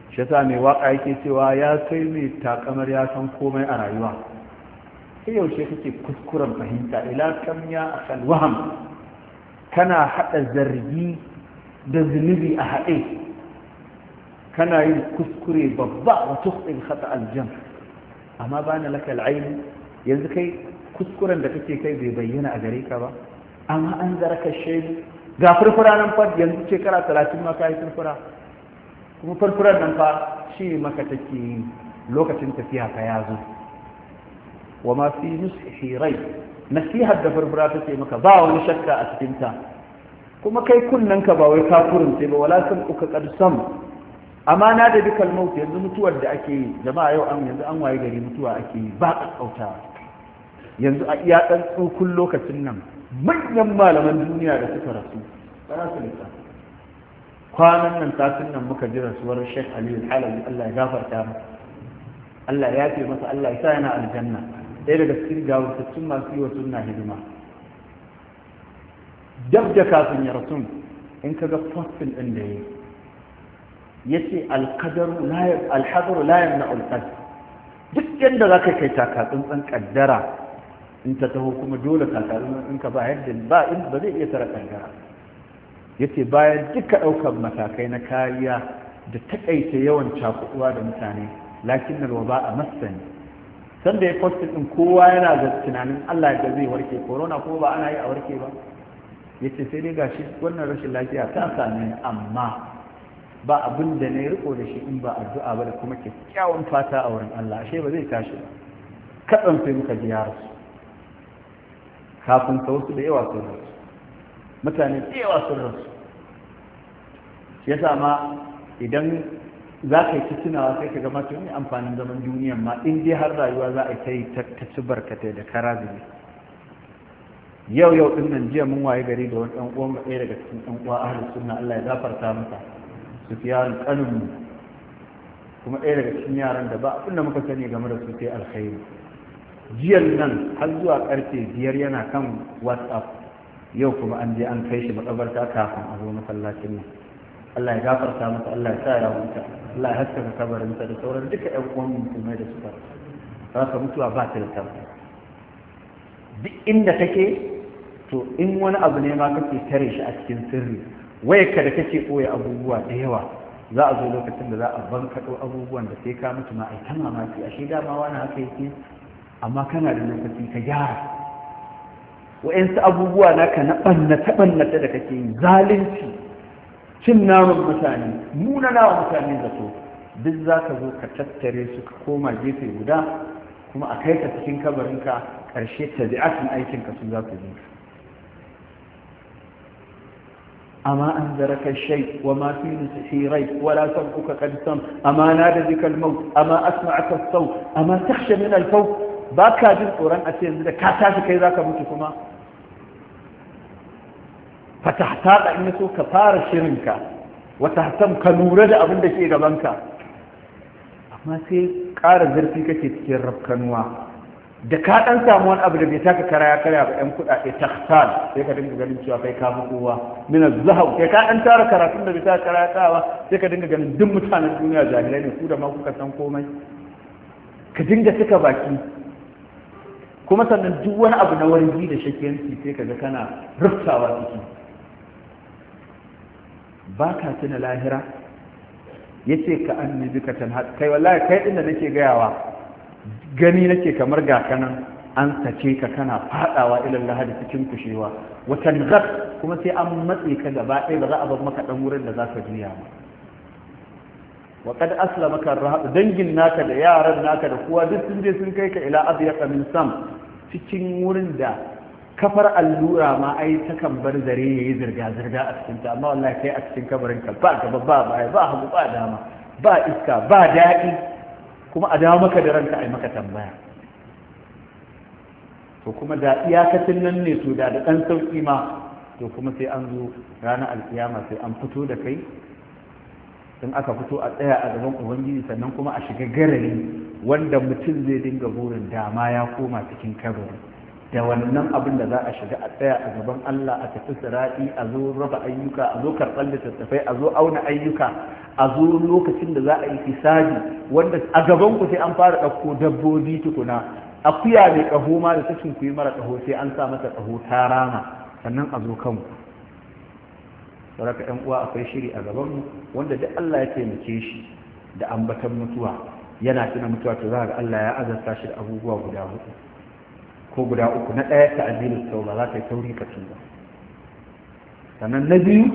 Speaker 1: shi yasa mai waƙa yake cewa ya kai mai takamar ya san komai a rayuwa sai yaushe kake kuskuren fahimta ila kam ya waham kana haɗa zargi da zunubi a haɗe kana yin kuskure babba wa tukhil khata aljam amma bana laka al'ayn yanzu kai kuskuren da kake kai bai bayyana a gare ka ba amma an zaraka shaidu ga furfura nan fa yanzu shekara 30 ma kai furfura kuma furfurar nan fa shi maka take lokacin tafiya ka yazo. zo wa ma fi nushi rai nasihar da furfura take maka ba wani shakka a cikin ta. kuma kai kunnen ka ba wai kafurin sai ba walakin uka qad sam amma na da dukkan mauti yanzu mutuwar da ake yi jama'a yau an yanzu an waye gari mutuwa ake yi ba kauta yanzu a iya ɗan tsokun lokacin nan manyan malaman duniya da suka rasu ba za su lissa kwanan nan satin nan muka ji rasuwar shek Aliyu Halabi Allah ya gafarta masa Allah ya ce masa Allah ya sa yana aljanna ɗaya daga cikin gawurtattun masu yi wa sunna hidima dab da kafin ya rasu in ka ga postin ɗin da ya yi yace alqadaru la alhadaru la na qadar duk yanda zaka kai taka tsantsan kaddara in ta taho kuma dole taka in ka ba yadda ba in ba zai iya tara kaddara yace bayan duka daukar matakai na kariya da takaita yawan cakuduwa da mutane lakin ba a masani sanda ya postin din kowa yana da tunanin Allah ya zai warke corona ko ba ana yi a warke ba yace sai dai gashi wannan rashin lafiya ta same amma ba abin da na yi riko da shi in ba addu'a ba da kuma kyakkyawan fata a wurin Allah ashe ba zai tashi ba kaɗan sai muka ji ya rasu kafin ka wasu da yawa sun rasu mutane da yawa sun rasu ya sa ma idan za ka yi tunawa sai ka gama tuni amfanin zaman duniyan ma in dai har rayuwa za a yi ta ci barkatai da kara zubi yau yau din nan jiya mun waye gari da wani ɗan uwan ɗaya daga cikin ɗan uwa ahlus sunna Allah ya zafarta masa sufiyar kanin kuma ɗaya daga cikin yaran da ba abinda muka sani game da su sai jiyar nan har zuwa karfe biyar yana kan whatsapp yau kuma an je an kai shi makabarta kafin a zo masallacin nan Allah ya gafarta masa Allah ya sa ya huta Allah ya haskaka kabarinsa da sauran duka 'yan uwan musulmai da suka ka mutuwa ba ta da duk inda kake to in wani abu ne ma kake tare shi a cikin sirri wayarka da kake ɓoye abubuwa da yawa za a zo lokacin da za a bankaɗo abubuwan da sai ka mutu ma ai ta mamaki a shi dama wani haka yake amma kana da lokaci ka gyara wa'yansu abubuwa naka na ɓannata-ɓannata da kake yi zalunci cin naman mutane nuna nawa mutane zato duk za ka zo ka tattare su ka koma gefe guda kuma a kai ka cikin kabarinka ƙarshe ta aikinka su za su ka أما أنذرك الشيء وما في نسحيريك ولا سمعك قد سم أما نادى بك الموت أما أسمعك الصوت أما تخشى من الفوت باكا جن قرآن أسين ذلك كاتاش كي ذاك موتكما فتحتاق إن كفار فار شرنك وتهتم كنورة أبن دشي غبنك أما سي قار ذرفي كتير ربك نواه da ka dan samu wani abu da bai taka kara ya karya ba yan kuɗaɗe taksal sai ka dinga ganin cewa kai ka fi kowa mina zahau kai ka dan tara karatun da bai taka kara ya sai ka dinga ganin duk mutanen duniya jahilai ne ku da ma kuka san komai ka dinga cika baki kuma sannan duk wani abu na wani da shakiyanci sai ka ga kana rufsawa ciki ba ka tuna lahira ya ce ka annabi ka tanhat kai wallahi kai da nake gayawa gani nake kamar ga kanan an sace ka kana fadawa ilal lahadi cikin kushewa watan zak kuma sai an matse ka gaba ɗaya ba za a bar maka dan wurin da za ka juya ba wa kad aslama ka dangin naka da yaran naka da kowa duk sun je sun kai ka ila abyaq min sam cikin wurin da kafar allura ma ai takan bar zare yayi zirga zirga a cikin ta amma wallahi kai a cikin kabarin ka ba gaba ba baya ba hagu ba dama ba iska ba daɗi kuma a dawo maka da ranka a yi maka tambaya to kuma da iyakacin nan ne to da da ɗan sauƙi ma to kuma sai an zo ranar alƙiyama sai an fito da kai in aka fito a tsaya a gaban ubangiji sannan kuma a shiga garari wanda mutum zai dinga burin dama ya koma cikin kabarin da wannan abin da za a shiga a tsaya a gaban Allah a tafi sirati a zo raba ayyuka a zo karɓar littattafai a zo auna ayyuka a zo lokacin da za a yi hisabi wanda a gaban ku sai an fara ɗauko dabbobi tukuna akuya mai ƙaho ma da tashin ku yi mara ƙaho sai an sa masa ƙaho ta rana sannan a zo kanku sauraka ɗan uwa akwai shiri a gaban mu wanda duk Allah ya taimake shi da ambatan mutuwa yana tuna mutuwa to za ga Allah ya azarta shi da abubuwa guda hudu ko guda uku na ɗaya ta azilu sau ba za ka yi sauri ka ci ba sannan na biyu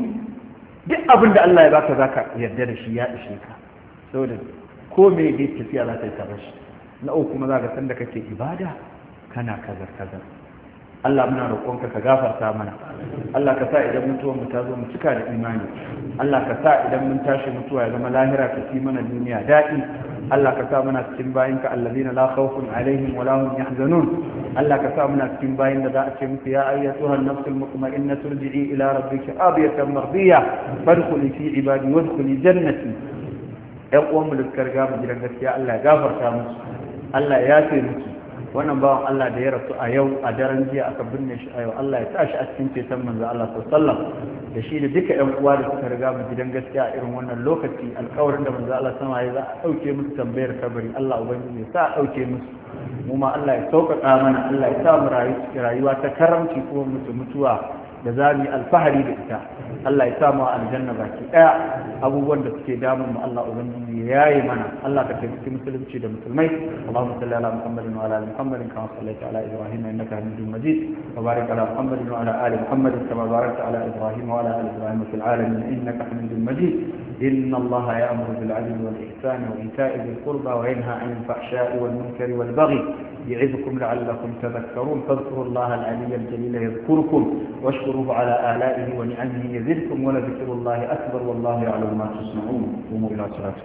Speaker 1: duk abin da Allah ya baka za ka yarda da shi ya ishe ka saboda ko me dai tafiya za ta yi tare shi na uku kuma za ka san da kake ibada kana kazar kazar Allah muna roƙonka ka gafarta mana Allah ka sa idan mutuwar mu ta zo mu cika da imani Allah ka sa idan mun tashi mutuwa ya zama lahira ka fi mana duniya daɗi Allah ka sa muna cikin bayinka allazina la khawfun alaihim wa la hum yahzanun Allah ka sa muna cikin bayin da za a ce muku ya ayyatuha an-nafsul mutma'inna turji'i ila rabbika abiyatan mardiya fadkhuli fi ibadi wadkhuli jannati ƴan uwan mu da suka riga mu gidan gaskiya Allah ya gafarta musu Allah ya ce musu wannan bawan Allah da ya rasu a yau a daren jiya aka binne shi a yau Allah ya tashi a cikin ceton manzo Allah sallallahu da shi da duka ƴan uwa da suka riga mu gidan gaskiya a irin wannan lokaci alƙawarin da manzo Allah sama ya za a dauke musu tambayar kabari Allah ubangiji ya sa a dauke musu mu ma Allah ya sauƙaƙa mana Allah ya sa mu rayuwa ta karamci kuma mutu mutuwa da za mu yi alfahari da ita Allah ya sa mu aljanna baki ɗaya abubuwan da suke damun mu Allah ubangiji يا إيمانا الله تكلم في مسلم شيء مسلم اللهم صل على محمد وعلى آل محمد كما صليت على إبراهيم إنك حميد مجيد وبارك على محمد وعلى آل محمد كما باركت على إبراهيم وعلى آل إبراهيم في العالمين إنك حميد مجيد إن الله يأمر بالعدل والإحسان وإيتاء ذي القربى وينهى عن الفحشاء والمنكر والبغي يعظكم لعلكم تذكرون فاذكروا الله العلي الجليل يذكركم واشكروه على آلائه ونعمه يزدكم ولذكر الله أكبر والله يعلم ما تصنعون قوموا إلى صلاتكم